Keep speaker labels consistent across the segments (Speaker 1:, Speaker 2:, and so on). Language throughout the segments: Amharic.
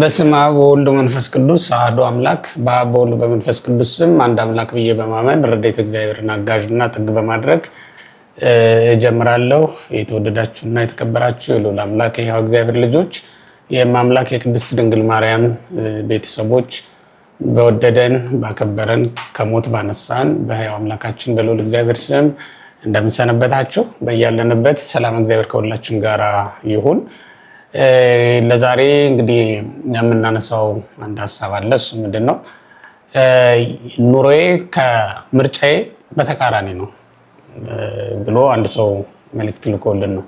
Speaker 1: በስም አብ ወወልድ መንፈስ ቅዱስ አሐዱ አምላክ። በአብ በወልድ በመንፈስ ቅዱስ ስም አንድ አምላክ ብዬ በማመን ረድኤተ እግዚአብሔርን አጋዥና ጥግ በማድረግ እጀምራለሁ። የተወደዳችሁና የተከበራችሁ የልዑል አምላክ የሕያው እግዚአብሔር ልጆች የማምላክ የቅድስት ድንግል ማርያም ቤተሰቦች በወደደን ባከበረን ከሞት ባነሳን በሕያው አምላካችን በልዑል እግዚአብሔር ስም እንደምንሰነበታችሁ በያለንበት ሰላም እግዚአብሔር ከሁላችን ጋር ይሁን። ለዛሬ እንግዲህ የምናነሳው አንድ ሀሳብ አለ። እሱ ምንድን ነው? ኑሮዬ ከምርጫዬ በተቃራኒ ነው ብሎ አንድ ሰው መልእክት ልኮልን ነው።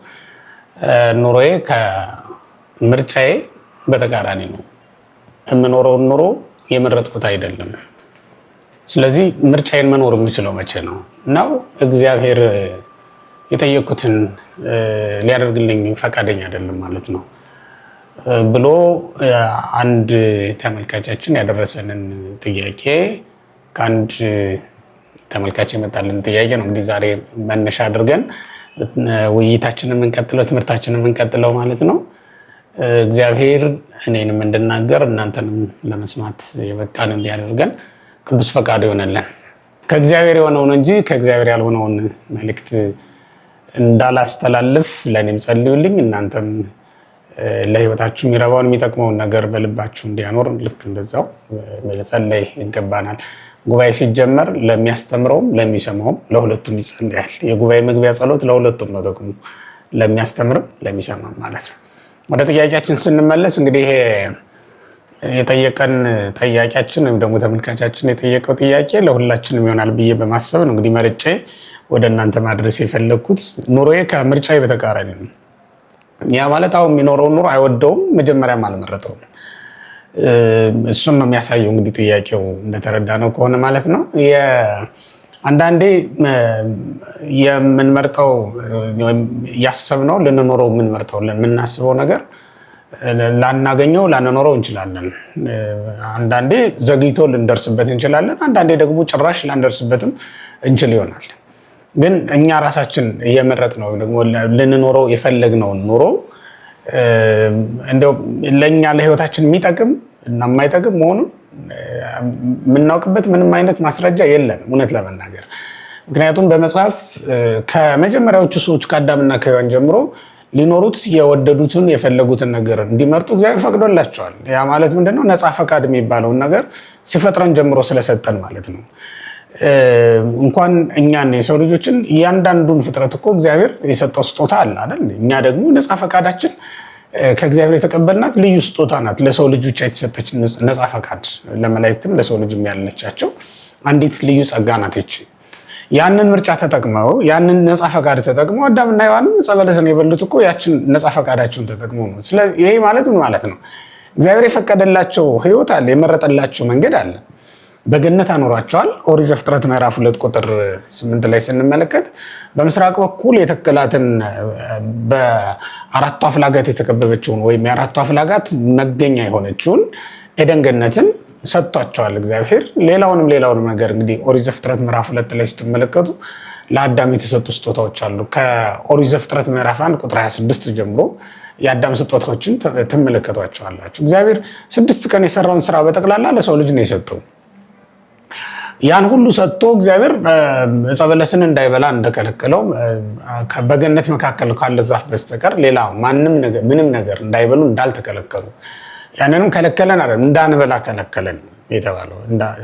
Speaker 1: ኑሮዬ ከምርጫዬ በተቃራኒ ነው። የምኖረውን ኑሮ የመረጥኩት አይደለም ስለዚህ ምርጫዬን መኖር የምችለው መቼ ነው ነው እግዚአብሔር የጠየኩትን ሊያደርግልኝ ፈቃደኛ አይደለም ማለት ነው ብሎ አንድ ተመልካቻችን ያደረሰንን ጥያቄ ከአንድ ተመልካች የመጣልን ጥያቄ ነው እንግዲህ ዛሬ መነሻ አድርገን ውይይታችንን የምንቀጥለው ትምህርታችንን የምንቀጥለው ማለት ነው። እግዚአብሔር እኔንም እንድናገር እናንተንም ለመስማት የበቃንን ሊያደርገን ቅዱስ ፈቃድ ይሆነልን። ከእግዚአብሔር የሆነውን እንጂ ከእግዚአብሔር ያልሆነውን መልእክት እንዳላስተላልፍ ለእኔም ጸልዩልኝ። እናንተም ለህይወታችሁ የሚረባውን የሚጠቅመውን ነገር በልባችሁ እንዲያኖር ልክ እንደዛው መጸለይ ይገባናል። ጉባኤ ሲጀመር ለሚያስተምረውም ለሚሰማውም ለሁለቱም ይጸልያል። የጉባኤ መግቢያ ጸሎት ለሁለቱም ነው ጥቅሙ፣ ለሚያስተምርም ለሚሰማም ማለት ነው። ወደ ጥያቄያችን ስንመለስ እንግዲህ የጠየቀን ጠያቂያችን ወይም ደግሞ ተመልካቻችን የጠየቀው ጥያቄ ለሁላችንም ይሆናል ብዬ በማሰብ ነው እንግዲህ መርጬ ወደ እናንተ ማድረስ የፈለግኩት። ኑሮዬ ከምርጫ በተቃራኒ ነው። ያ ማለት አሁን የሚኖረውን ኑሮ አይወደውም፣ መጀመሪያም አልመረጠውም። እሱን ነው የሚያሳየው እንግዲህ ጥያቄው እንደተረዳ ነው ከሆነ ማለት ነው። አንዳንዴ የምንመርጠው ያሰብነው ልንኖረው የምንመርጠው የምናስበው ነገር ላናገኘው ላንኖረው እንችላለን። አንዳንዴ ዘግይቶ ልንደርስበት እንችላለን። አንዳንዴ ደግሞ ጭራሽ ላንደርስበትም እንችል ይሆናል። ግን እኛ ራሳችን እየመረጥ ነው ደግሞ ልንኖረው የፈለግነውን ኑሮ እንደው ለእኛ ለህይወታችን የሚጠቅም እና የማይጠቅም መሆኑን የምናውቅበት ምንም አይነት ማስረጃ የለን እውነት ለመናገር ምክንያቱም በመጽሐፍ ከመጀመሪያዎቹ ሰዎች ከአዳምና ከሔዋን ጀምሮ ሊኖሩት የወደዱትን የፈለጉትን ነገር እንዲመርጡ እግዚአብሔር ፈቅዶላቸዋል። ያ ማለት ምንድነው? ነፃ ፈቃድ የሚባለውን ነገር ሲፈጥረን ጀምሮ ስለሰጠን ማለት ነው። እንኳን እኛን የሰው ልጆችን እያንዳንዱን ፍጥረት እኮ እግዚአብሔር የሰጠው ስጦታ አለ አይደል? እኛ ደግሞ ነፃ ፈቃዳችን ከእግዚአብሔር የተቀበልናት ልዩ ስጦታ ናት። ለሰው ልጅ ብቻ የተሰጠች ነፃ ፈቃድ ለመላእክትም ለሰው ልጅ ያለቻቸው አንዲት ልዩ ጸጋ ናት ይቺ ያንን ምርጫ ተጠቅመው ያንን ነፃ ፈቃድ ተጠቅመው አዳምና ሔዋንም ዕፀ በለስን የበሉት እኮ ያችን ነፃ ፈቃዳቸውን ተጠቅመው ነው። ስለዚህ ይሄ ማለት ምን ማለት ነው? እግዚአብሔር የፈቀደላቸው ህይወት አለ፣ የመረጠላቸው መንገድ አለ። በገነት አኖሯቸዋል። ኦሪት ዘፍጥረት ምዕራፍ ሁለት ቁጥር ስምንት ላይ ስንመለከት በምስራቅ በኩል የተከላትን በአራቱ አፍላጋት የተከበበችውን ወይም የአራቱ አፍላጋት መገኛ የሆነችውን ኤደን ገነትን ሰጥቷቸዋል እግዚአብሔር። ሌላውንም ሌላውንም ነገር እንግዲህ ኦሪት ዘፍጥረት ምዕራፍ ሁለት ላይ ስትመለከቱ ለአዳም የተሰጡ ስጦታዎች አሉ። ከኦሪት ዘፍጥረት ምዕራፍ አንድ ቁጥር 26 ጀምሮ የአዳም ስጦታዎችን ትመለከቷቸዋላችሁ። እግዚአብሔር ስድስት ቀን የሰራውን ስራ በጠቅላላ ለሰው ልጅ ነው የሰጠው። ያን ሁሉ ሰጥቶ እግዚአብሔር ዕፀ በለስን እንዳይበላ እንደከለከለው በገነት መካከል ካለ ዛፍ በስተቀር ሌላ ማንም ምንም ነገር እንዳይበሉ እንዳልተከለከሉ ያንንም ከለከለን አ እንዳንበላ ከለከለን የተባለው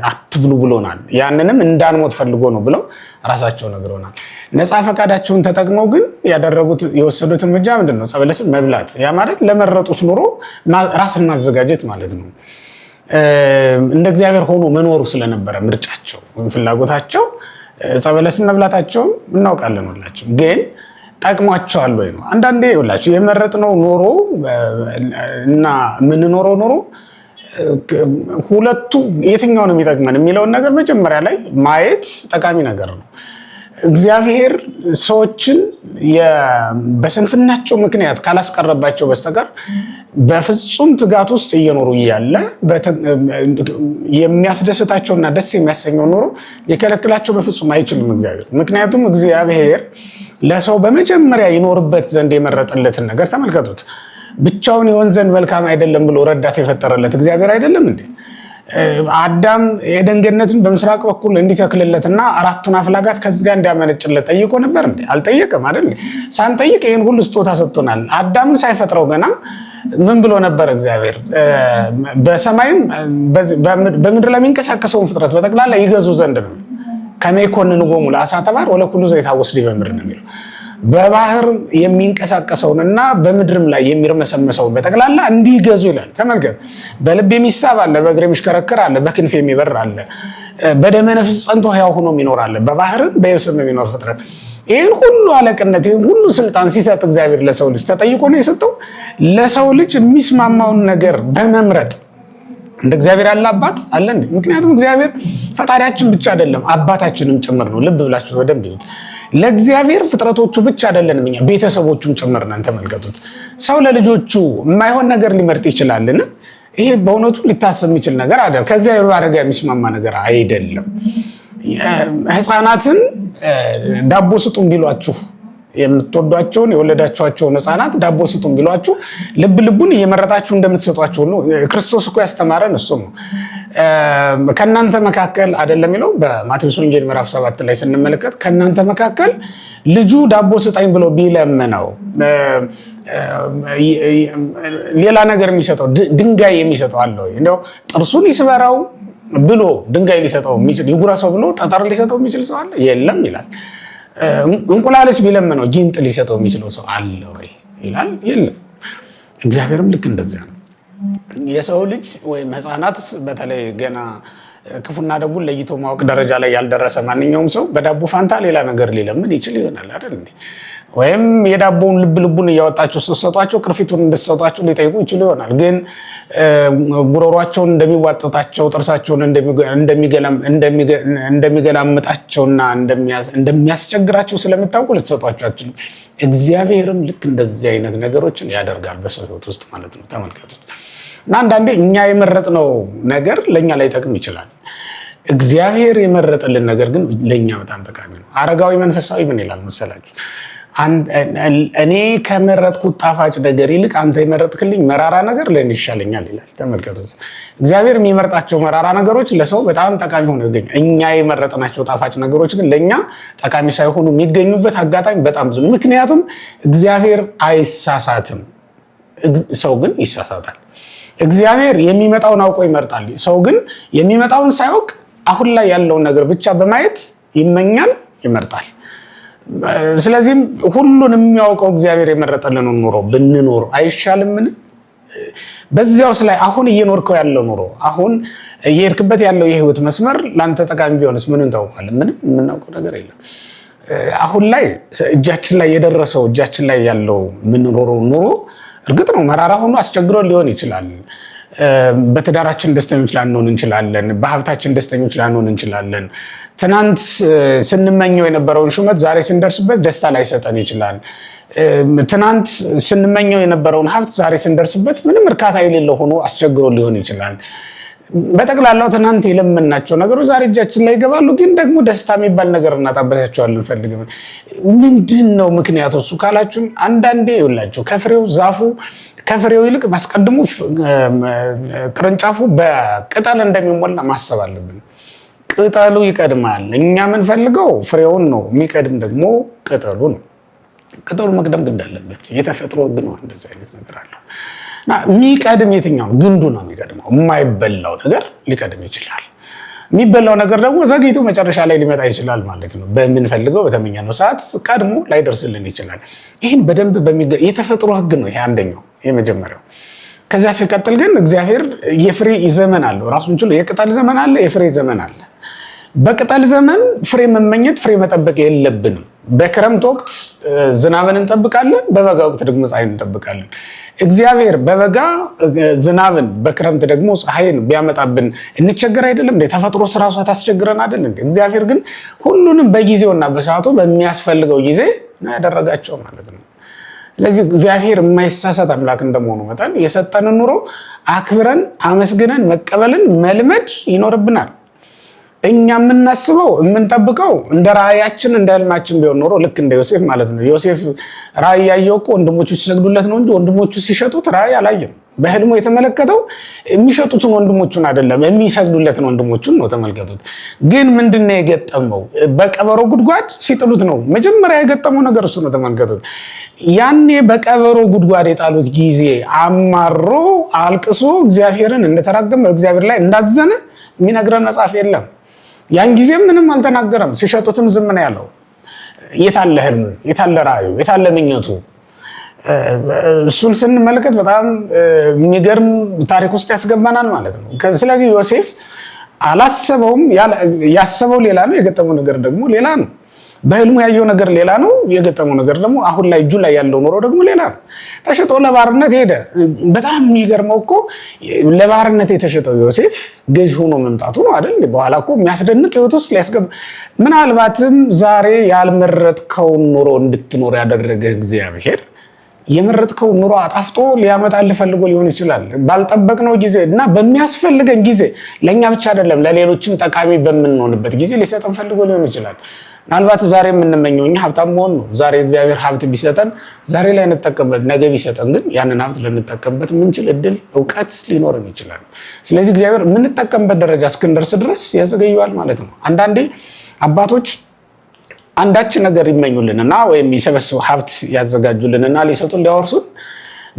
Speaker 1: አትብሉ ብሎናል። ያንንም እንዳንሞት ፈልጎ ነው ብለው ራሳቸው ነግሮናል። ነፃ ፈቃዳቸውን ተጠቅመው ግን ያደረጉት የወሰዱት እርምጃ ምንድን ነው? ጸበለስም መብላት። ያ ማለት ለመረጡት ኑሮ ራስን ማዘጋጀት ማለት ነው። እንደ እግዚአብሔር ሆኖ መኖሩ ስለነበረ ምርጫቸው ወይም ፍላጎታቸው ጸበለስን መብላታቸውን እናውቃለን ሁላቸው ግን ጠቅሟቸዋል ወይ ነው። አንዳንዴ ይኸውላችሁ የመረጥነው ኖሮ እና የምንኖረው ኖሮ ሁለቱ የትኛው ነው የሚጠቅመን የሚለውን ነገር መጀመሪያ ላይ ማየት ጠቃሚ ነገር ነው። እግዚአብሔር ሰዎችን በስንፍናቸው ምክንያት ካላስቀረባቸው በስተቀር በፍጹም ትጋት ውስጥ እየኖሩ እያለ የሚያስደስታቸውና ደስ የሚያሰኘው ኖሮ ሊከለክላቸው በፍጹም አይችልም እግዚአብሔር። ምክንያቱም እግዚአብሔር ለሰው በመጀመሪያ ይኖርበት ዘንድ የመረጠለትን ነገር ተመልከቱት። ብቻውን የሆን ዘንድ መልካም አይደለም ብሎ ረዳት የፈጠረለት እግዚአብሔር አይደለም እንዴ? አዳም የኤደን ገነትን በምስራቅ በኩል እንዲተክልለት እና አራቱን አፍላጋት ከዚያ እንዲያመነጭለት ጠይቆ ነበር እንዴ? አልጠየቀም አይደል? ሳንጠይቅ ይህን ሁሉ ስጦታ ሰጥቶናል። አዳምን ሳይፈጥረው ገና ምን ብሎ ነበር እግዚአብሔር? በሰማይም በምድር ለሚንቀሳቀሰውን ፍጥረት በጠቅላላ ይገዙ ዘንድ ነው ከመይኮንን ጎሙ ለአሳ ተባር ወለኩሉ ዘይታ ወስድ ምድር ነው የሚለው በባህር የሚንቀሳቀሰውን እና በምድርም ላይ የሚርመሰመሰውን በጠቅላላ እንዲገዙ ይላል። ተመልከት፣ በልብ የሚሳብ አለ፣ በእግር የሚሽከረክር አለ፣ በክንፍ የሚበር አለ፣ በደመ ነፍስ ጸንቶ ሕያው ሆኖ የሚኖር አለ፣ በባህርም በየብስም የሚኖር ፍጥረት ይህን ሁሉ አለቅነት ይህን ሁሉ ስልጣን ሲሰጥ እግዚአብሔር ለሰው ልጅ ተጠይቆ ነው የሰጠው። ለሰው ልጅ የሚስማማውን ነገር በመምረጥ እንደ እግዚአብሔር ያለ አባት አለ እንዴ? ምክንያቱም እግዚአብሔር ፈጣሪያችን ብቻ አይደለም አባታችንም ጭምር ነው። ልብ ብላችሁ በደንብ ይዩት። ለእግዚአብሔር ፍጥረቶቹ ብቻ አይደለንም እኛ ቤተሰቦቹም ጭምር ነን። ተመልከቱት። ሰው ለልጆቹ የማይሆን ነገር ሊመርጥ ይችላልን? ይሄ በእውነቱ ሊታሰብ የሚችል ነገር አይደለም። ከእግዚአብሔር አደጋ የሚስማማ ነገር አይደለም። ህፃናትን ዳቦ ስጡን ቢሏችሁ የምትወዷቸውን የወለዳችኋቸውን ህፃናት ዳቦ ስጡን ቢሏችሁ ልብ ልቡን እየመረጣችሁ እንደምትሰጧቸው ነው። ክርስቶስ እኮ ያስተማረን እሱ ነው። ከእናንተ መካከል አይደለም የሚለው በማቴዎስ ወንጌል ምዕራፍ ሰባት ላይ ስንመለከት ከእናንተ መካከል ልጁ ዳቦ ስጠኝ ብሎ ቢለምነው ሌላ ነገር የሚሰጠው ድንጋይ የሚሰጠው አለ ወይ? እንደው ጥርሱን ይስበራው ብሎ ድንጋይ ሊሰጠው የሚችል ይጉረሰው ብሎ ጠጠር ሊሰጠው የሚችል ሰው አለ? የለም ይላል። እንቁላልስ ቢለምነው ጊንጥ ሊሰጠው የሚችለው ሰው አለ ወይ ይላል። የለም። እግዚአብሔርም ልክ እንደዚያ ነው። የሰው ልጅ ወይም ህፃናት በተለይ ገና ክፉና ደጉን ለይቶ ማወቅ ደረጃ ላይ ያልደረሰ ማንኛውም ሰው በዳቦ ፋንታ ሌላ ነገር ሊለምን ይችል ይሆናል አይደል? ወይም የዳቦውን ልብ ልቡን እያወጣቸው ስትሰጧቸው ቅርፊቱን እንድትሰጧቸው ሊጠይቁ ይችሉ ይሆናል። ግን ጉሮሯቸውን እንደሚዋጥጣቸው ጥርሳቸውን እንደሚገላምጣቸውና እንደሚያስቸግራቸው ስለምታውቁ ልትሰጧቸው አትችሉም። እግዚአብሔርም ልክ እንደዚህ አይነት ነገሮችን ያደርጋል በሰው ሕይወት ውስጥ ማለት ነው። ተመልከቱት እና አንዳንዴ እኛ የመረጥነው ነገር ለእኛ ጠቅም ይችላል። እግዚአብሔር የመረጠልን ነገር ግን ለእኛ በጣም ጠቃሚ ነው። አረጋዊ መንፈሳዊ ምን ይላል መሰላችሁ? እኔ ከመረጥኩት ጣፋጭ ነገር ይልቅ አንተ የመረጥክልኝ መራራ ነገር ለእኔ ይሻለኛል ይላል። ተመልከቱ፣ እግዚአብሔር የሚመርጣቸው መራራ ነገሮች ለሰው በጣም ጠቃሚ ሆነው ይገኙ። እኛ የመረጥናቸው ጣፋጭ ነገሮች ግን ለእኛ ጠቃሚ ሳይሆኑ የሚገኙበት አጋጣሚ በጣም ብዙ። ምክንያቱም እግዚአብሔር አይሳሳትም፣ ሰው ግን ይሳሳታል። እግዚአብሔር የሚመጣውን አውቆ ይመርጣል። ሰው ግን የሚመጣውን ሳያውቅ አሁን ላይ ያለውን ነገር ብቻ በማየት ይመኛል፣ ይመርጣል። ስለዚህም ሁሉን የሚያውቀው እግዚአብሔር የመረጠልን ኑሮ ብንኖር አይሻልምን? በዚያውስ ላይ አሁን እየኖርከው ያለው ኑሮ አሁን እየሄድክበት ያለው የህይወት መስመር ለአንተ ጠቃሚ ቢሆንስ ምን እንታውቃለን? ምንም የምናውቀው ነገር የለም። አሁን ላይ እጃችን ላይ የደረሰው እጃችን ላይ ያለው የምንኖረው ኑሮ እርግጥ ነው መራራ ሆኖ አስቸግሮን ሊሆን ይችላል። በትዳራችን ደስተኞች ላንሆን እንችላለን። በሀብታችን ደስተኞች ላንሆን እንችላለን። ትናንት ስንመኘው የነበረውን ሹመት ዛሬ ስንደርስበት ደስታ ላይሰጠን ይችላል። ትናንት ስንመኘው የነበረውን ሀብት ዛሬ ስንደርስበት ምንም እርካታ የሌለው ሆኖ አስቸግሮ ሊሆን ይችላል። በጠቅላላው ትናንት የለመናቸው ነገሮች ዛሬ እጃችን ላይ ይገባሉ። ግን ደግሞ ደስታ የሚባል ነገር እናጣበታቸዋለን። እንፈልግም ምንድን ነው ምክንያቱ እሱ ካላችሁም አንዳንዴ ይውላችሁ ከፍሬው ዛፉ ከፍሬው ይልቅ ማስቀድሞ ቅርንጫፉ በቅጠል እንደሚሞላ ማሰብ አለብን። ቅጠሉ ይቀድማል። እኛ የምንፈልገው ፍሬውን ነው። የሚቀድም ደግሞ ቅጠሉ ነው። ቅጠሉ መቅደም ግድ አለበት። የተፈጥሮ ግን እንደዚህ አይነት ነገር አለው። እና የሚቀድም የትኛው ግንዱ ነው የሚቀድመው። የማይበላው ነገር ሊቀድም ይችላል። የሚበላው ነገር ደግሞ ዘግይቶ መጨረሻ ላይ ሊመጣ ይችላል ማለት ነው። በምንፈልገው በተመኘነው ሰዓት ቀድሞ ላይደርስልን ይችላል። ይህን በደንብ የተፈጥሮ ህግ ነው። ይሄ አንደኛው የመጀመሪያው። ከዚያ ሲቀጥል ግን እግዚአብሔር የፍሬ ዘመን አለው ራሱን ችሎ። የቅጠል ዘመን አለ፣ የፍሬ ዘመን አለ። በቅጠል ዘመን ፍሬ መመኘት፣ ፍሬ መጠበቅ የለብንም። በክረምት ወቅት ዝናብን እንጠብቃለን፣ በበጋ ወቅት ደግሞ ፀሐይን እንጠብቃለን። እግዚአብሔር በበጋ ዝናብን በክረምት ደግሞ ፀሐይን ቢያመጣብን እንቸገር አይደለም እንዴ? ተፈጥሮ ሷ ታስቸግረን አይደል እግዚአብሔር ግን ሁሉንም በጊዜውና በሰዓቱ በሚያስፈልገው ጊዜ ያደረጋቸው ማለት ነው። ስለዚህ እግዚአብሔር የማይሳሳት አምላክ እንደመሆኑ መጠን የሰጠንን ኑሮ አክብረን አመስግነን መቀበልን መልመድ ይኖርብናል። እኛ የምናስበው የምንጠብቀው እንደ ራእያችን እንደ ህልማችን ቢሆን ኖሮ ልክ እንደ ዮሴፍ ማለት ነው። ዮሴፍ ራእይ ያየው እኮ ወንድሞቹ ሲሰግዱለት ነው እንጂ ወንድሞቹ ሲሸጡት ራእይ አላየም። በህልሙ የተመለከተው የሚሸጡትን ወንድሞቹን አይደለም፣ የሚሰግዱለትን ወንድሞቹን ነው። ተመልከቱት። ግን ምንድነው የገጠመው? በቀበሮ ጉድጓድ ሲጥሉት ነው መጀመሪያ የገጠመው ነገር እሱ ነው። ተመልከቱት። ያኔ በቀበሮ ጉድጓድ የጣሉት ጊዜ አማሮ አልቅሶ እግዚአብሔርን እንደተራገመ እግዚአብሔር ላይ እንዳዘነ የሚነግረን መጽሐፍ የለም። ያን ጊዜ ምንም አልተናገረም። ሲሸጡትም ዝም ነው ያለው። የታለ ህልም፣ የታለ ራዩ የታለ ምኞቱ? እሱን ስንመለከት በጣም የሚገርም ታሪክ ውስጥ ያስገባናል ማለት ነው። ስለዚህ ዮሴፍ አላሰበውም። ያሰበው ሌላ ነው፣ የገጠመው ነገር ደግሞ ሌላ ነው። በህልሙ ያየው ነገር ሌላ ነው። የገጠመው ነገር ደግሞ አሁን ላይ እጁ ላይ ያለው ኖሮ ደግሞ ሌላ ነው። ተሸጦ ለባርነት ሄደ። በጣም የሚገርመው እኮ ለባርነት የተሸጠው ዮሴፍ ገዥ ሆኖ መምጣቱ ነው አይደል? በኋላ እኮ የሚያስደንቅ ህይወት ውስጥ ሊያስገባ ምናልባትም ዛሬ ያልመረጥከውን ኑሮ እንድትኖር ያደረገ እግዚአብሔር የመረጥከው ኑሮ አጣፍጦ ሊያመጣልህ ፈልጎ ሊሆን ይችላል። ባልጠበቅነው ጊዜ እና በሚያስፈልገን ጊዜ ለእኛ ብቻ አይደለም ለሌሎችም ጠቃሚ በምንሆንበት ጊዜ ሊሰጠን ፈልጎ ሊሆን ይችላል። ምናልባት ዛሬ የምንመኘው እኛ ሀብታም መሆን ነው። ዛሬ እግዚአብሔር ሀብት ቢሰጠን ዛሬ ላይ እንጠቀምበት፣ ነገ ቢሰጠን ግን ያንን ሀብት ልንጠቀምበት የምንችል እድል፣ እውቀት ሊኖረን ይችላል። ስለዚህ እግዚአብሔር የምንጠቀምበት ደረጃ እስክንደርስ ድረስ ያዘገየዋል ማለት ነው። አንዳንዴ አባቶች አንዳች ነገር ይመኙልንና ወይም ይሰበስቡ ሀብት ያዘጋጁልንና ሊሰጡን ሊያወርሱን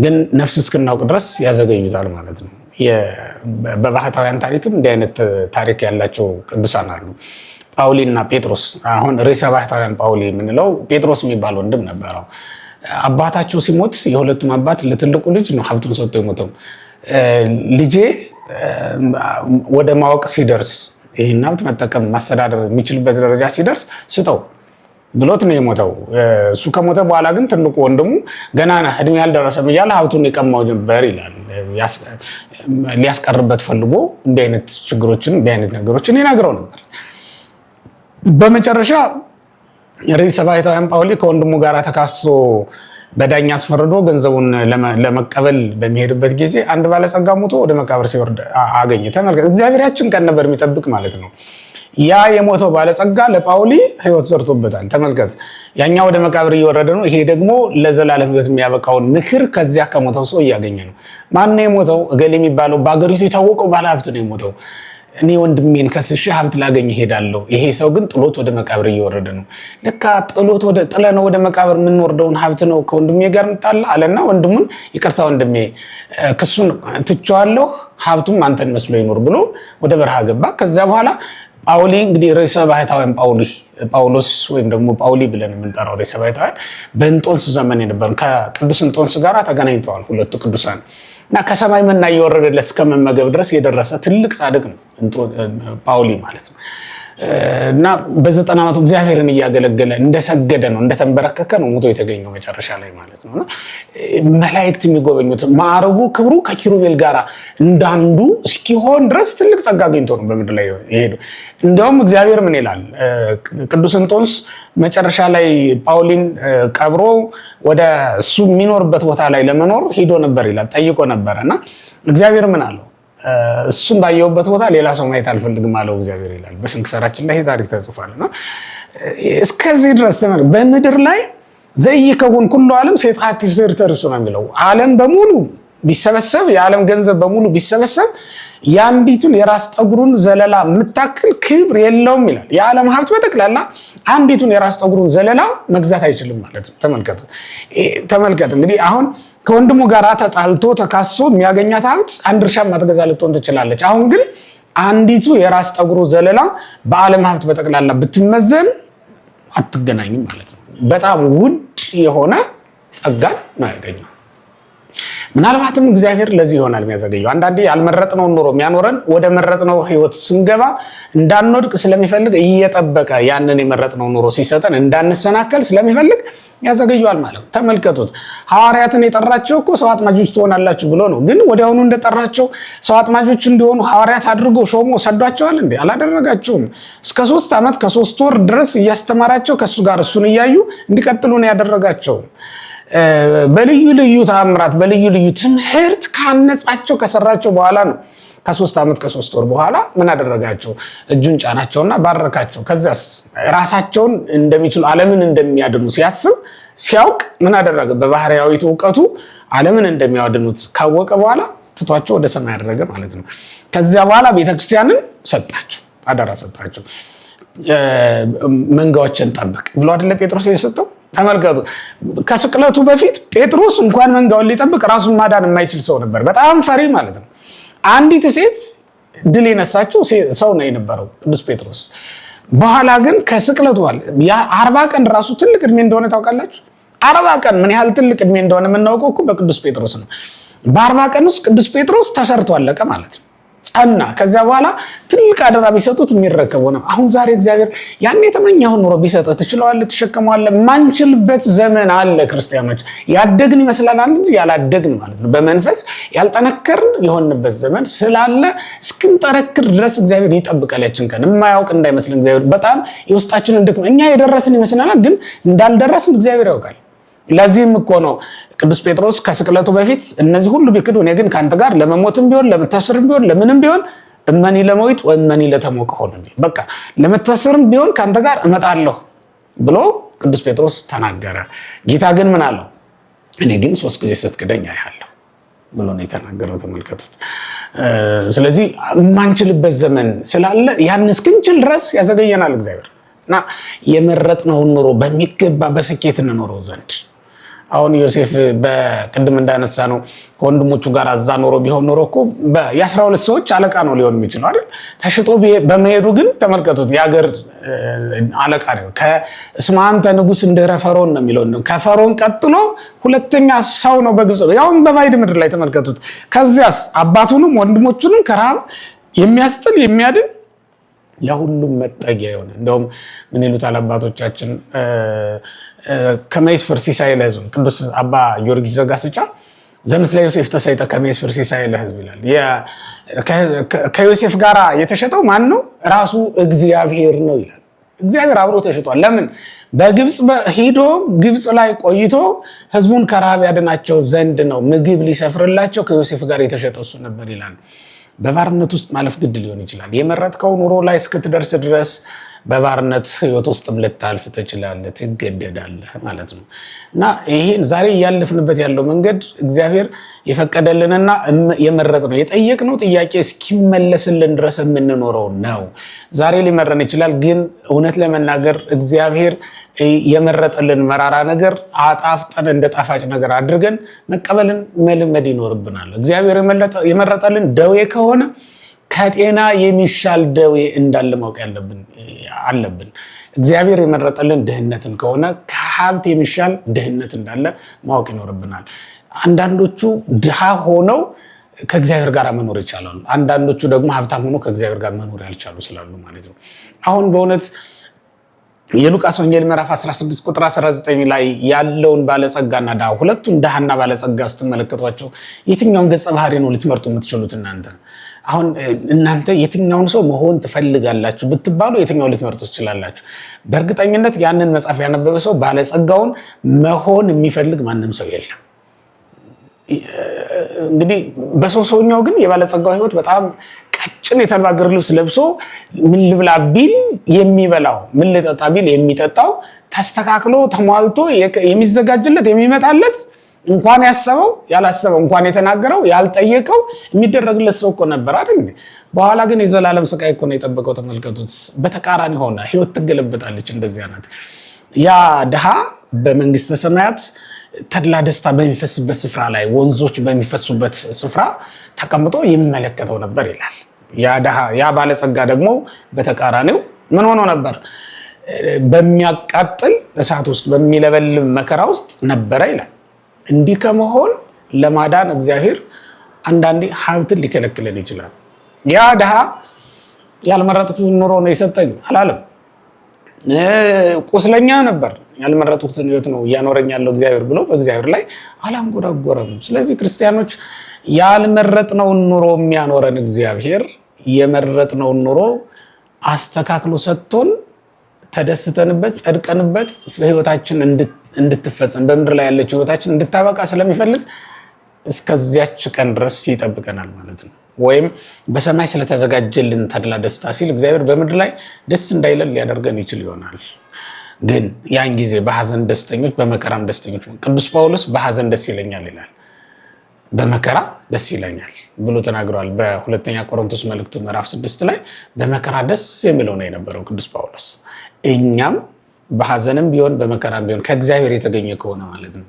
Speaker 1: ግን ነፍስ እስክናውቅ ድረስ ያዘገዩታል ማለት ነው። በባህታውያን ታሪክም እንዲህ አይነት ታሪክ ያላቸው ቅዱሳን አሉ። ጳውሊ እና ጴጥሮስ አሁን ርዕሰ ባህታውያን ጳውሊ የምንለው ጴጥሮስ የሚባል ወንድም ነበረው። አባታቸው ሲሞት የሁለቱም አባት ለትልቁ ልጅ ነው ሀብቱን ሰጥቶ የሞተው። ልጄ ወደ ማወቅ ሲደርስ ይህን ሀብት መጠቀም ማስተዳደር የሚችልበት ደረጃ ሲደርስ ስጠው ብሎት ነው የሞተው። እሱ ከሞተ በኋላ ግን ትልቁ ወንድሙ ገና እድሜ ያልደረሰም እያለ ሀብቱን የቀማው ነበር ይላል። ሊያስቀርበት ፈልጎ እንዲህ አይነት ችግሮችን እንዲህ አይነት ነገሮችን ይነግረው ነበር። በመጨረሻ ሬንስ ቫይታን ፓውሊ ከወንድሙ ጋር ተካሶ በዳኛ አስፈርዶ ገንዘቡን ለመቀበል በሚሄድበት ጊዜ አንድ ባለጸጋ ሞቶ ወደ መቃብር ሲወርድ አገኘ። ተመልከት፣ እግዚአብሔራችን ቀን ነበር የሚጠብቅ ማለት ነው። ያ የሞተው ባለጸጋ ለጳውሊ ህይወት ዘርቶበታል። ተመልከት፣ ያኛ ወደ መቃብር እየወረደ ነው። ይሄ ደግሞ ለዘላለም ህይወት የሚያበቃውን ምክር ከዚያ ከሞተው ሰው እያገኘ ነው። ማን ነው የሞተው? እገሌ የሚባለው በአገሪቱ የታወቀው ባለሀብት ነው የሞተው እኔ ወንድሜን ከስሽ ሀብት ላገኝ እሄዳለሁ፣ ይሄ ሰው ግን ጥሎት ወደ መቃብር እየወረደ ነው። ለካ ጥሎት ጥለነው ወደ መቃብር የምንወርደውን ሀብት ነው ከወንድሜ ጋር እንጣላ አለና ወንድሙን ይቅርታ ወንድሜ፣ ክሱን ትቼዋለሁ፣ ሀብቱም አንተን መስሎ ይኖር ብሎ ወደ በረሃ ገባ። ከዚያ በኋላ ጳውሊ እንግዲህ ርዕሰ ባህታውያን ጳውሊ ጳውሎስ ወይም ደግሞ ጳውሊ ብለን የምንጠራው ርዕሰ ባህታውያን በእንጦንስ ዘመን የነበረ ከቅዱስ እንጦንስ ጋር ተገናኝተዋል ሁለቱ ቅዱሳን እና ከሰማይ መና እየወረደለት እስከመመገብ ድረስ የደረሰ ትልቅ ጻድቅ ነው ጳውሊ ማለት ነው። እና በዘጠና ዓመቱ እግዚአብሔርን እያገለገለ እንደሰገደ ነው እንደተንበረከከ ነው ሙቶ የተገኘው መጨረሻ ላይ ማለት ነው። እና መላእክት የሚጎበኙት ማዕረጉ ክብሩ ከኪሩቤል ጋር እንዳንዱ እስኪሆን ድረስ ትልቅ ጸጋ አግኝቶ ነው በምድር ላይ የሄደው። እንዲያውም እግዚአብሔር ምን ይላል? ቅዱስ እንጦንስ መጨረሻ ላይ ጳውሊን ቀብሮ ወደ እሱ የሚኖርበት ቦታ ላይ ለመኖር ሂዶ ነበር ይላል፣ ጠይቆ ነበር እና እግዚአብሔር ምን አለው? እሱም ባየውበት ቦታ ሌላ ሰው ማየት አልፈልግም አለው እግዚአብሔር ይላል። በስንክሳራችን ላይ ታሪክ ተጽፏል እና እስከዚህ ድረስ በምድር ላይ ዘይ ከውን ኩሉ ዓለም ሴት አትስር ተርሱ ነው የሚለው ዓለም በሙሉ ቢሰበሰብ የዓለም ገንዘብ በሙሉ ቢሰበሰብ የአንዲቱን የራስ ጠጉሩን ዘለላ የምታክል ክብር የለውም ይላል። የዓለም ሀብት በጠቅላላ አንዲቱን የራስ ጠጉሩን ዘለላ መግዛት አይችልም ማለት ነው። ተመልከት እንግዲህ አሁን ከወንድሙ ጋር ተጣልቶ ተካሶ የሚያገኛት ሀብት አንድ እርሻ ማትገዛ ልትሆን ትችላለች። አሁን ግን አንዲቱ የራስ ጠጉሩ ዘለላ በዓለም ሀብት በጠቅላላ ብትመዘን አትገናኝም ማለት ነው። በጣም ውድ የሆነ ጸጋን ነው ያገኘው። ምናልባትም እግዚአብሔር ለዚህ ይሆናል የሚያዘገየው። አንዳንዴ ያልመረጥነውን ኑሮ የሚያኖረን ወደ መረጥነው ህይወት ስንገባ እንዳንወድቅ ስለሚፈልግ እየጠበቀ ያንን የመረጥነው ኑሮ ሲሰጠን እንዳንሰናከል ስለሚፈልግ ያዘገየዋል ማለት ነው። ተመልከቱት፣ ሐዋርያትን የጠራቸው እኮ ሰው አጥማጆች ትሆናላችሁ ብሎ ነው። ግን ወዲያውኑ እንደጠራቸው ሰው አጥማጆች እንዲሆኑ ሐዋርያት አድርጎ ሾሞ ሰዷቸዋል እንዴ? አላደረጋቸውም። እስከ ሶስት ዓመት ከሶስት ወር ድረስ እያስተማራቸው ከእሱ ጋር እሱን እያዩ እንዲቀጥሉ ነው ያደረጋቸው። በልዩ ልዩ ተአምራት በልዩ ልዩ ትምህርት ካነጻቸው ከሰራቸው በኋላ ነው። ከሶስት ዓመት ከሶስት ወር በኋላ ምን አደረጋቸው? እጁን ጫናቸውና ባረካቸው። ከዚያስ ራሳቸውን እንደሚችሉ ዓለምን እንደሚያድኑ ሲያስብ ሲያውቅ ምን አደረገ? በባህርያዊት እውቀቱ ዓለምን እንደሚያድኑት ካወቀ በኋላ ትቷቸው ወደ ሰማይ አደረገ ማለት ነው። ከዚያ በኋላ ቤተክርስቲያንን ሰጣቸው፣ አደራ ሰጣቸው። መንጋዎችን ጠብቅ ብሎ አይደለ ጴጥሮስ የሰጠው ተመልከቱ። ከስቅለቱ በፊት ጴጥሮስ እንኳን መንጋውን ሊጠብቅ ራሱን ማዳን የማይችል ሰው ነበር። በጣም ፈሪ ማለት ነው። አንዲት ሴት ድል የነሳችው ሰው ነው የነበረው ቅዱስ ጴጥሮስ። በኋላ ግን ከስቅለቱ አርባ ቀን ራሱ ትልቅ እድሜ እንደሆነ ታውቃላችሁ። አርባ ቀን ምን ያህል ትልቅ እድሜ እንደሆነ የምናውቀው እኮ በቅዱስ ጴጥሮስ ነው። በአርባ ቀን ውስጥ ቅዱስ ጴጥሮስ ተሰርቶ አለቀ ማለት ነው። ጸና። ከዚያ በኋላ ትልቅ አደራ ቢሰጡት የሚረከብ ሆነ። አሁን ዛሬ እግዚአብሔር ያን የተመኘኸውን ኑሮ ቢሰጥህ ትችለዋለህ፣ ትሸከመዋለህ። ማንችልበት ዘመን አለ። ክርስቲያኖች ያደግን ይመስለናል እንጂ ያላደግን ማለት ነው። በመንፈስ ያልጠነከርን የሆንበት ዘመን ስላለ እስክንጠረክር ድረስ እግዚአብሔር ይጠብቃል። ያችን ቀን የማያውቅ እንዳይመስለን እግዚአብሔር በጣም የውስጣችንን ድክመ እኛ የደረስን ይመስለናል፣ ግን እንዳልደረስን እግዚአብሔር ያውቃል። ለዚህም እኮ ነው ቅዱስ ጴጥሮስ ከስቅለቱ በፊት እነዚህ ሁሉ ቢክዱ እኔ ግን ከአንተ ጋር ለመሞትም ቢሆን ለመታሰርም ቢሆን ለምንም ቢሆን እመኒ ለመዊት ወእመኒ ለተሞቀ ሆነ በቃ ለመታሰርም ቢሆን ከአንተ ጋር እመጣለሁ ብሎ ቅዱስ ጴጥሮስ ተናገረ። ጌታ ግን ምን አለው? እኔ ግን ሶስት ጊዜ ስትክደኝ አይሃለሁ ብሎ ነው የተናገረው። ተመልከቱት። ስለዚህ የማንችልበት ዘመን ስላለ ያን እስክንችል ድረስ ያዘገየናል እግዚአብሔር እና የመረጥነውን ኑሮ በሚገባ በስኬት እንኖረው ዘንድ አሁን ዮሴፍ በቅድም እንዳነሳ ነው ከወንድሞቹ ጋር አዛ ኖሮ ቢሆን ኖሮ እኮ የአስራ ሁለት ሰዎች አለቃ ነው ሊሆን የሚችለው አይደል? ተሽጦ በመሄዱ ግን ተመልከቱት፣ የሀገር አለቃ ነው። ከእስማንተ ንጉስ ንጉሥ ፈሮን ነው የሚለው ከፈሮን ቀጥሎ ሁለተኛ ሰው ነው በግብፅ ያውም በባይድ ምድር ላይ ተመልከቱት። ከዚያስ አባቱንም ወንድሞቹንም ከረሃብ የሚያስጥል የሚያድን ለሁሉም መጠጊያ የሆነ እንደውም ምን ይሉታል አባቶቻችን ከመይስ ፍርሲሳይ ለህዝብ ቅዱስ አባ ጊዮርጊስ ዘጋስጫ ዘምስለ ዮሴፍ ተሰይጠ ከመይስ ፍርሲሳይ ለህዝብ ይላል። ከዮሴፍ ጋር የተሸጠው ማን ነው? ራሱ እግዚአብሔር ነው ይላል። እግዚአብሔር አብሮ ተሽጧል። ለምን? በግብፅ ሂዶ ግብፅ ላይ ቆይቶ ህዝቡን ከረሃብ ያድናቸው ዘንድ ነው። ምግብ ሊሰፍርላቸው ከዮሴፍ ጋር የተሸጠ እሱ ነበር ይላል። በባርነት ውስጥ ማለፍ ግድ ሊሆን ይችላል። የመረጥከው ኑሮ ላይ እስክትደርስ ድረስ በባርነት ህይወት ውስጥም ልታልፍ ትችላለህ፣ ትገደዳለህ ማለት ነው እና ይህን ዛሬ እያለፍንበት ያለው መንገድ እግዚአብሔር የፈቀደልንና የመረጥ የመረጥነው የጠየቅነው ጥያቄ እስኪመለስልን ድረስ የምንኖረው ነው። ዛሬ ሊመረን ይችላል፣ ግን እውነት ለመናገር እግዚአብሔር የመረጠልን መራራ ነገር አጣፍጠን እንደ ጣፋጭ ነገር አድርገን መቀበልን መልመድ ይኖርብናል። እግዚአብሔር የመረጠልን ደዌ ከሆነ ከጤና የሚሻል ደዌ እንዳለ ማወቅ አለብን። እግዚአብሔር የመረጠልን ድህነትን ከሆነ ከሀብት የሚሻል ድህነት እንዳለ ማወቅ ይኖርብናል። አንዳንዶቹ ድሃ ሆነው ከእግዚአብሔር ጋር መኖር ይቻላሉ። አንዳንዶቹ ደግሞ ሀብታም ሆነው ከእግዚአብሔር ጋር መኖር ያልቻሉ ስላሉ ማለት ነው። አሁን በእውነት የሉቃስ ወንጌል ምዕራፍ 16 ቁጥር 19 ላይ ያለውን ባለጸጋና ድሃ ሁለቱን ድሃና ባለጸጋ ስትመለከቷቸው የትኛውን ገጸ ባህሪ ነው ልትመርጡ የምትችሉት እናንተ? አሁን እናንተ የትኛውን ሰው መሆን ትፈልጋላችሁ ብትባሉ የትኛው ልትመርጡ ትችላላችሁ? በእርግጠኝነት ያንን መጽሐፍ ያነበበ ሰው ባለጸጋውን መሆን የሚፈልግ ማንም ሰው የለም። እንግዲህ በሰው ሰውኛው ግን የባለጸጋው ህይወት በጣም ቀጭን የተልባ እግር ልብስ ለብሶ ምን ልብላ ቢል የሚበላው፣ ምን ልጠጣ ቢል የሚጠጣው ተስተካክሎ ተሟልቶ የሚዘጋጅለት የሚመጣለት እንኳን ያሰበው ያላሰበው እንኳን የተናገረው ያልጠየቀው የሚደረግለት ሰው እኮ ነበር አይደል? በኋላ ግን የዘላለም ስቃይ እኮ ነው የጠበቀው። ተመልከቱት። በተቃራኒ ሆነ። ህይወት ትገለበጣለች። እንደዚህ ናት። ያ ድሃ በመንግስተ ሰማያት ተድላ ደስታ በሚፈስበት ስፍራ ላይ ወንዞች በሚፈሱበት ስፍራ ተቀምጦ ይመለከተው ነበር ይላል። ያ ድሃ ያ ባለጸጋ ደግሞ በተቃራኒው ምን ሆኖ ነበር? በሚያቃጥል እሳት ውስጥ በሚለበልብ መከራ ውስጥ ነበረ ይላል። እንዲህ ከመሆን ለማዳን እግዚአብሔር አንዳንዴ ሀብትን ሊከለክለን ይችላል። ያ ድሃ ያልመረጥኩትን ኑሮ ነው የሰጠኝ አላለም። ቁስለኛ ነበር፣ ያልመረጥኩትን ህይወት ነው እያኖረኝ ያለው እግዚአብሔር ብሎ በእግዚአብሔር ላይ አላንጎራጎረም። ስለዚህ ክርስቲያኖች ያልመረጥነውን ኑሮ የሚያኖረን እግዚአብሔር የመረጥነውን ኑሮ አስተካክሎ ሰጥቶን ተደስተንበት ጸድቀንበት ህይወታችን እንድት እንድትፈጸም በምድር ላይ ያለችው ህይወታችን እንድታበቃ ስለሚፈልግ እስከዚያች ቀን ድረስ ይጠብቀናል ማለት ነው። ወይም በሰማይ ስለተዘጋጀልን ተድላ ደስታ ሲል እግዚአብሔር በምድር ላይ ደስ እንዳይለን ሊያደርገን ይችል ይሆናል። ግን ያን ጊዜ በሐዘን ደስተኞች፣ በመከራም ደስተኞች። ቅዱስ ጳውሎስ በሐዘን ደስ ይለኛል ይላል፣ በመከራ ደስ ይለኛል ብሎ ተናግረዋል። በሁለተኛ ቆሮንቶስ መልእክቱ ምዕራፍ ስድስት ላይ በመከራ ደስ የሚለው ነው የነበረው ቅዱስ ጳውሎስ እኛም በሐዘንም ቢሆን በመከራም ቢሆን ከእግዚአብሔር የተገኘ ከሆነ ማለት ነው።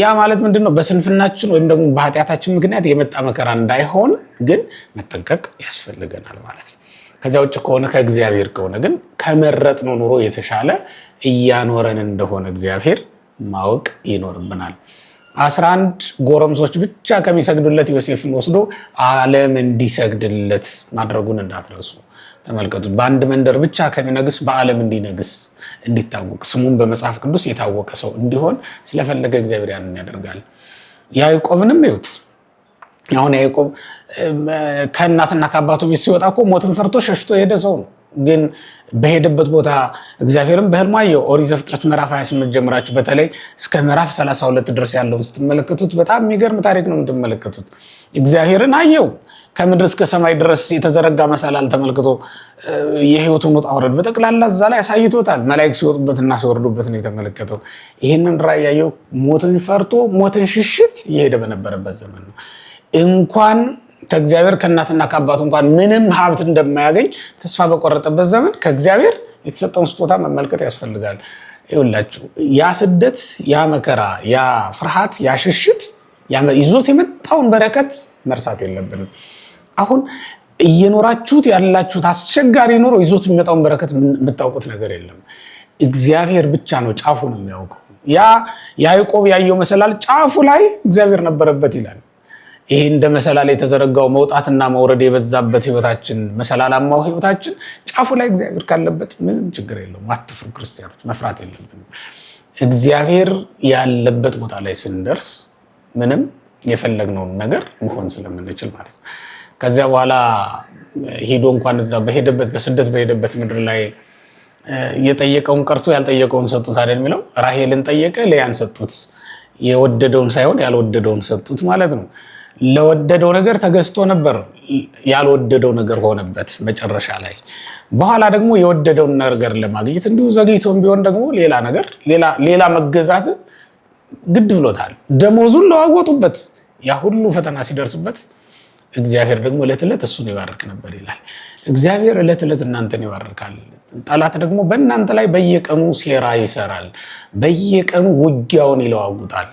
Speaker 1: ያ ማለት ምንድን ነው? በስንፍናችን ወይም ደግሞ በኃጢአታችን ምክንያት የመጣ መከራ እንዳይሆን ግን መጠንቀቅ ያስፈልገናል ማለት ነው። ከዚያ ውጭ ከሆነ ከእግዚአብሔር ከሆነ ግን ከመረጥነው ኑሮ የተሻለ እያኖረን እንደሆነ እግዚአብሔር ማወቅ ይኖርብናል። አስራ አንድ ጎረምሶች ብቻ ከሚሰግዱለት ዮሴፍን ወስዶ ዓለም እንዲሰግድለት ማድረጉን እንዳትረሱ። ተመልከቱ። በአንድ መንደር ብቻ ከሚነግስ በዓለም እንዲነግስ እንዲታወቅ ስሙም በመጽሐፍ ቅዱስ የታወቀ ሰው እንዲሆን ስለፈለገ እግዚአብሔር ያንን ያደርጋል። ያዕቆብንም ይዩት። አሁን ያዕቆብ ከእናትና ከአባቱ ቤት ሲወጣ እኮ ሞትን ፈርቶ ሸሽቶ የሄደ ሰው ነው። ግን በሄደበት ቦታ እግዚአብሔርም በህልሙ አየው። ኦሪት ዘፍጥረት ምዕራፍ 28 ጀምራችሁ በተለይ እስከ ምዕራፍ 32 ድረስ ያለውን ስትመለከቱት በጣም የሚገርም ታሪክ ነው የምትመለከቱት። እግዚአብሔርን አየው ከምድር እስከ ሰማይ ድረስ የተዘረጋ መሰላል ተመልክቶ የህይወቱን ውጣ ውረድ በጠቅላላ እዛ ላይ አሳይቶታል። መላይክ ሲወጡበትና ሲወርዱበት ነው የተመለከተው። ይህንን ራእይ ያየው ሞትን ፈርቶ ሞትን ሽሽት እየሄደ በነበረበት ዘመን ነው እንኳን ከእግዚአብሔር ከእናትና ከአባቱ እንኳን ምንም ሀብት እንደማያገኝ ተስፋ በቆረጠበት ዘመን ከእግዚአብሔር የተሰጠውን ስጦታ መመልከት ያስፈልጋል። ይውላችሁ ያ ስደት፣ ያ መከራ፣ ያ ፍርሃት፣ ያ ሽሽት ይዞት የመጣውን በረከት መርሳት የለብንም። አሁን እየኖራችሁት ያላችሁት አስቸጋሪ ኑሮ ይዞት የሚመጣውን በረከት የምታውቁት ነገር የለም። እግዚአብሔር ብቻ ነው ጫፉን የሚያውቀው። ያ ያዕቆብ ያየው መሰላል ጫፉ ላይ እግዚአብሔር ነበረበት ይላል። ይህ እንደ መሰላል የተዘረጋው መውጣትና መውረድ የበዛበት ህይወታችን፣ መሰላላማው ህይወታችን ጫፉ ላይ እግዚአብሔር ካለበት ምንም ችግር የለውም። አትፍሩ ክርስቲያኖች፣ መፍራት የለብንም። እግዚአብሔር ያለበት ቦታ ላይ ስንደርስ ምንም የፈለግነውን ነገር መሆን ስለምንችል ማለት ነው። ከዚያ በኋላ ሂዶ እንኳን እዛ በሄደበት በስደት በሄደበት ምድር ላይ የጠየቀውን ቀርቶ ያልጠየቀውን ሰጡት አይደል የሚለው። ራሄልን ጠየቀ፣ ልያን ሰጡት። የወደደውን ሳይሆን ያልወደደውን ሰጡት ማለት ነው። ለወደደው ነገር ተገዝቶ ነበር፣ ያልወደደው ነገር ሆነበት መጨረሻ ላይ። በኋላ ደግሞ የወደደውን ነገር ለማግኘት እንዲሁ ዘግይቶም ቢሆን ደግሞ ሌላ ነገር ሌላ መገዛት ግድ ብሎታል። ደሞዙን ለዋወጡበት፣ ያ ሁሉ ፈተና ሲደርስበት እግዚአብሔር ደግሞ ዕለት ዕለት እሱን ይባርክ ነበር ይላል። እግዚአብሔር ዕለት ዕለት እናንተን ይባርካል። ጠላት ደግሞ በእናንተ ላይ በየቀኑ ሴራ ይሰራል፣ በየቀኑ ውጊያውን ይለዋውጣል።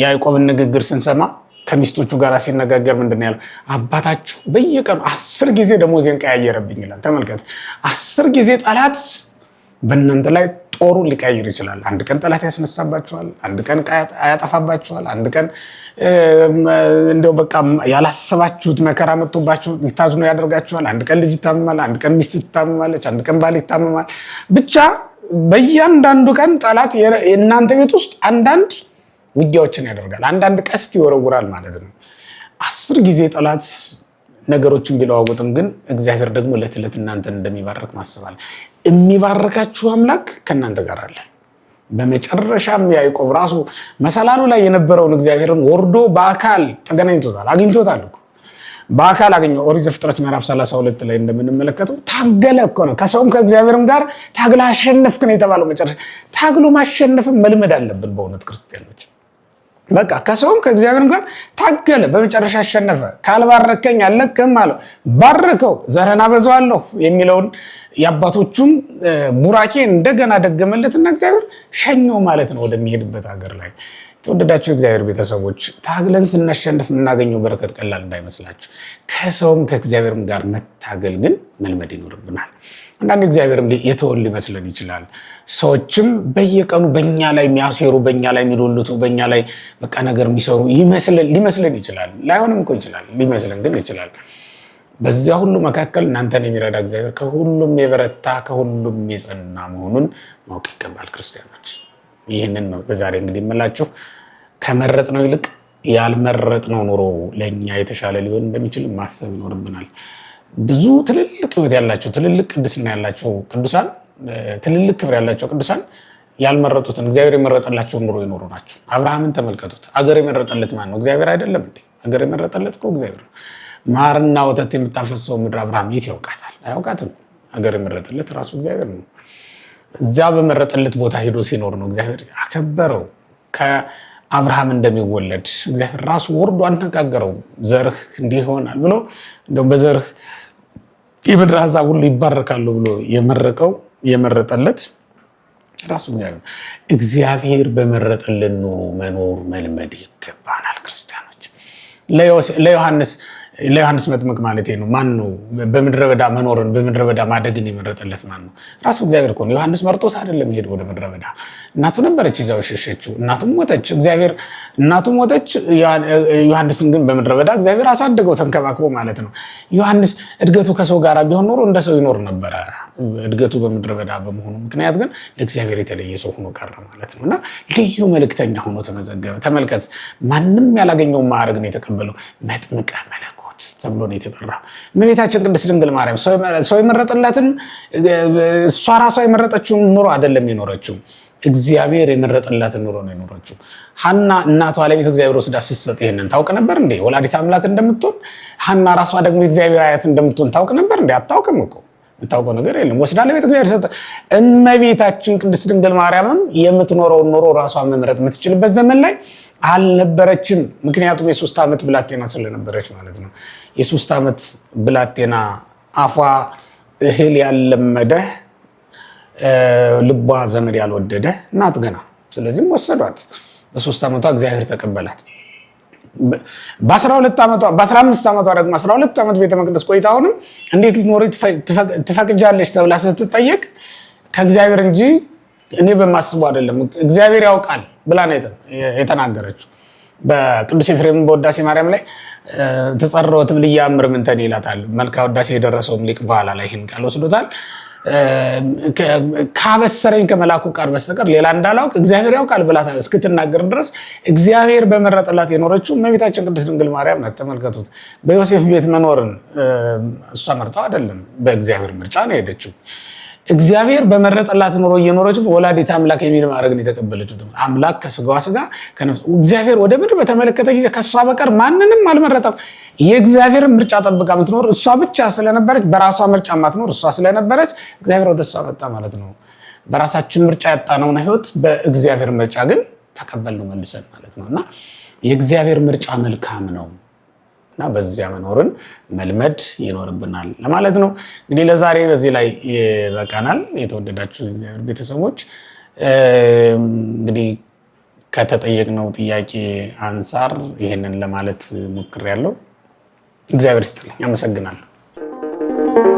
Speaker 1: የያዕቆብን ንግግር ስንሰማ ከሚስቶቹ ጋር ሲነጋገር ምንድን ያለው? አባታችሁ በየቀኑ አስር ጊዜ ደሞዜን ቀያየረብኝ ይላል። ተመልከት፣ አስር ጊዜ ጠላት በእናንተ ላይ ጦሩን ሊቀይር ይችላል። አንድ ቀን ጠላት ያስነሳባችኋል፣ አንድ ቀን ያጠፋባችኋል፣ አንድ ቀን እንደው በቃ ያላሰባችሁት መከራ መጥቶባችሁ ልታዝኑ ያደርጋችኋል። አንድ ቀን ልጅ ይታመማል፣ አንድ ቀን ሚስት ትታመማለች፣ አንድ ቀን ባል ይታመማል። ብቻ በእያንዳንዱ ቀን ጠላት እናንተ ቤት ውስጥ አንዳንድ ውጊያዎችን ያደርጋል። አንዳንድ ቀስት ይወረውራል ማለት ነው። አስር ጊዜ ጠላት ነገሮችን ቢለዋወጥም ግን እግዚአብሔር ደግሞ ዕለት ዕለት እናንተን እንደሚባርክ ማስባል። የሚባርካችሁ አምላክ ከእናንተ ጋር አለ። በመጨረሻም ያዕቆብ ራሱ መሰላሉ ላይ የነበረውን እግዚአብሔርን ወርዶ በአካል ተገናኝቶታል፣ አግኝቶታል በአካል አገኘው። ኦሪት ዘፍጥረት ምዕራፍ 32 ላይ እንደምንመለከተው ታገለ እኮ ነው። ከሰውም ከእግዚአብሔርም ጋር ታግለ አሸነፍክ ነው የተባለው። መጨረሻ ታግሎ ማሸነፍም መልመድ አለብን በእውነት ክርስቲያኖች። በቃ ከሰውም ከእግዚአብሔርም ጋር ታገለ። በመጨረሻ አሸነፈ። ካልባረከኝ አልለቅህም አለው። ባረከው፣ ዘርህን አበዛዋለሁ የሚለውን የአባቶቹም ቡራኬ እንደገና ደገመለትና እግዚአብሔር ሸኘው ማለት ነው ወደሚሄድበት ሀገር ላይ። የተወደዳቸው እግዚአብሔር ቤተሰቦች ታግለን ስናሸንፍ የምናገኘው በረከት ቀላል እንዳይመስላቸው። ከሰውም ከእግዚአብሔርም ጋር መታገል ግን መልመድ ይኖርብናል። አንዳንድ እግዚአብሔርም የተወል ሊመስለን ይችላል። ሰዎችም በየቀኑ በኛ ላይ የሚያሴሩ፣ በኛ ላይ የሚዶልቱ፣ በኛ ላይ በቃ ነገር የሚሰሩ ሊመስለን ይችላል። ላይሆንም እኮ ይችላል፣ ሊመስለን ግን ይችላል። በዚያ ሁሉ መካከል እናንተን የሚረዳ እግዚአብሔር ከሁሉም የበረታ ከሁሉም የጸና መሆኑን ማወቅ ይገባል። ክርስቲያኖች ይህንን ነው በዛሬ እንግዲህ የምላችሁ ነው ይልቅ ነው ኑሮ ለእኛ የተሻለ ሊሆን እንደሚችል ማሰብ ይኖርብናል። ብዙ ትልልቅ ህይወት ያላቸው ትልልቅ ቅድስና ያላቸው ቅዱሳን ትልልቅ ክብር ያላቸው ቅዱሳን ያልመረጡትን እግዚአብሔር የመረጠላቸው ኑሮ ይኖሩ ናቸው። አብርሃምን ተመልከቱት። አገር የመረጠለት ማን ነው? እግዚአብሔር አይደለም እንዴ? አገር የመረጠለት እግዚአብሔር ነው። ማርና ወተት የምታፈሰው ምድር አብርሃም የት ያውቃታል? አያውቃትም። አገር የመረጠለት ራሱ እግዚአብሔር ነው። እዚያ በመረጠለት ቦታ ሄዶ ሲኖር ነው እግዚአብሔር አከበረው። ከአብርሃም እንደሚወለድ እግዚአብሔር ራሱ ወርዶ አነጋገረው። ዘርህ እንዲህ ይሆናል ብሎ እንደውም በዘርህ የምድር ሀሳብ ሁሉ ይባረካሉ ብሎ የመረቀው የመረጠለት ራሱ እግዚአብሔር እግዚአብሔር በመረጠልን ኑሩ መኖር መልመድ ይገባናል ክርስቲያኖች ለዮሐንስ ለዮሐንስ መጥምቅ ማለት ነው። ማን ነው በምድረ በዳ መኖርን በምድረ በዳ ማደግን የመረጠለት ማን ነው? ራሱ እግዚአብሔር ከሆነ ዮሐንስ መርጦስ አይደለም ሄደ ወደ ምድረ በዳ። እናቱ ነበረች ይዛው ሸሸችው። እናቱም ሞተች፣ እግዚአብሔር እናቱ ሞተች። ዮሐንስን ግን በምድረ በዳ እግዚአብሔር አሳደገው ተንከባክቦ ማለት ነው። ዮሐንስ እድገቱ ከሰው ጋር ቢሆን ኖሮ እንደ ሰው ይኖር ነበረ። እድገቱ በምድረ በዳ በመሆኑ ምክንያት ግን ለእግዚአብሔር የተለየ ሰው ሆኖ ቀረ ማለት ነው እና ልዩ መልእክተኛ ሆኖ ተመዘገበ። ተመልከት፣ ማንም ያላገኘው ማዕረግ ነው የተቀበለው መጥምቀ መለኮ ተብሎ ነው የተጠራ። እመቤታችን ቅድስት ድንግል ማርያም ሰው የመረጠላትን እሷ ራሷ የመረጠችውን ኑሮ አይደለም የኖረችው፣ እግዚአብሔር የመረጠላትን ኑሮ ነው የኖረችው። ሀና እናቷ ለቤተ እግዚአብሔር ወስዳ ስትሰጥ ይህንን ታውቅ ነበር እንዴ? ወላዲት አምላክ እንደምትሆን ሀና ራሷ ደግሞ የእግዚአብሔር አያት እንደምትሆን ታውቅ ነበር እንዴ? አታውቅም እኮ የምታውቀው ነገር የለም። ወስዳ ለቤት እግዚአብሔር ሰጠ። እመቤታችን ቅድስት ድንግል ማርያምም የምትኖረውን ኑሮ ራሷ መምረጥ የምትችልበት ዘመን ላይ አልነበረችም። ምክንያቱም የሶስት ዓመት ብላቴና ስለነበረች ማለት ነው። የሶስት ዓመት ብላቴና አፏ እህል ያልለመደህ ልቧ ዘመድ ያልወደደ እናት ገና። ስለዚህም ወሰዷት። በሶስት ዓመቷ እግዚአብሔር ተቀበላት። በ አምስት ዓመቷ ደግሞ 12 ዓመት ቤተ መቅደስ ቆይታ አሁንም እንዴት ልትኖሪ ትፈቅጃለች ተብላ ስትጠየቅ ከእግዚአብሔር እንጂ እኔ በማስቡ አይደለም፣ እግዚአብሔር ያውቃል ብላ ነው የተናገረችው። በቅዱስ ኤፍሬም በወዳሴ ማርያም ላይ ተጸረወት ብልያ ያምር ምንተን ይላታል። መልካ ውዳሴ የደረሰውም ሊቅ በኋላ ላይ ይህን ቃል ወስዶታል። ካበሰረኝ ከመላኩ ቃል በስተቀር ሌላ እንዳላውቅ እግዚአብሔር ያውቃል ብላ እስክትናገር ድረስ እግዚአብሔር በመረጠላት የኖረችው እመቤታችን ቅድስት ድንግል ማርያም ናት። ተመልከቱት። በዮሴፍ ቤት መኖርን እሷ መርጠው አይደለም፣ በእግዚአብሔር ምርጫ ነው የሄደችው። እግዚአብሔር በመረጠላት ኑሮ እየኖረች ወላዲተ አምላክ የሚል ማድረግ ነው የተቀበለችው። አምላክ ከስጋዋ ስጋ እግዚአብሔር ወደ ምድር በተመለከተ ጊዜ ከእሷ በቀር ማንንም አልመረጠም። የእግዚአብሔር ምርጫ ጠብቃ የምትኖር እሷ ብቻ ስለነበረች፣ በራሷ ምርጫ ማትኖር እሷ ስለነበረች እግዚአብሔር ወደ እሷ መጣ ማለት ነው። በራሳችን ምርጫ ያጣነውን ህይወት በእግዚአብሔር ምርጫ ግን ተቀበልን መልሰን ማለት ነው እና የእግዚአብሔር ምርጫ መልካም ነው። እና በዚያ መኖርን መልመድ ይኖርብናል ለማለት ነው። እንግዲህ ለዛሬ በዚህ ላይ ይበቃናል። የተወደዳችሁ እግዚአብሔር ቤተሰቦች እንግዲህ ከተጠየቅነው ጥያቄ አንጻር ይህንን ለማለት ሞክሬያለሁ። እግዚአብሔር ይስጥልኝ። አመሰግናለሁ።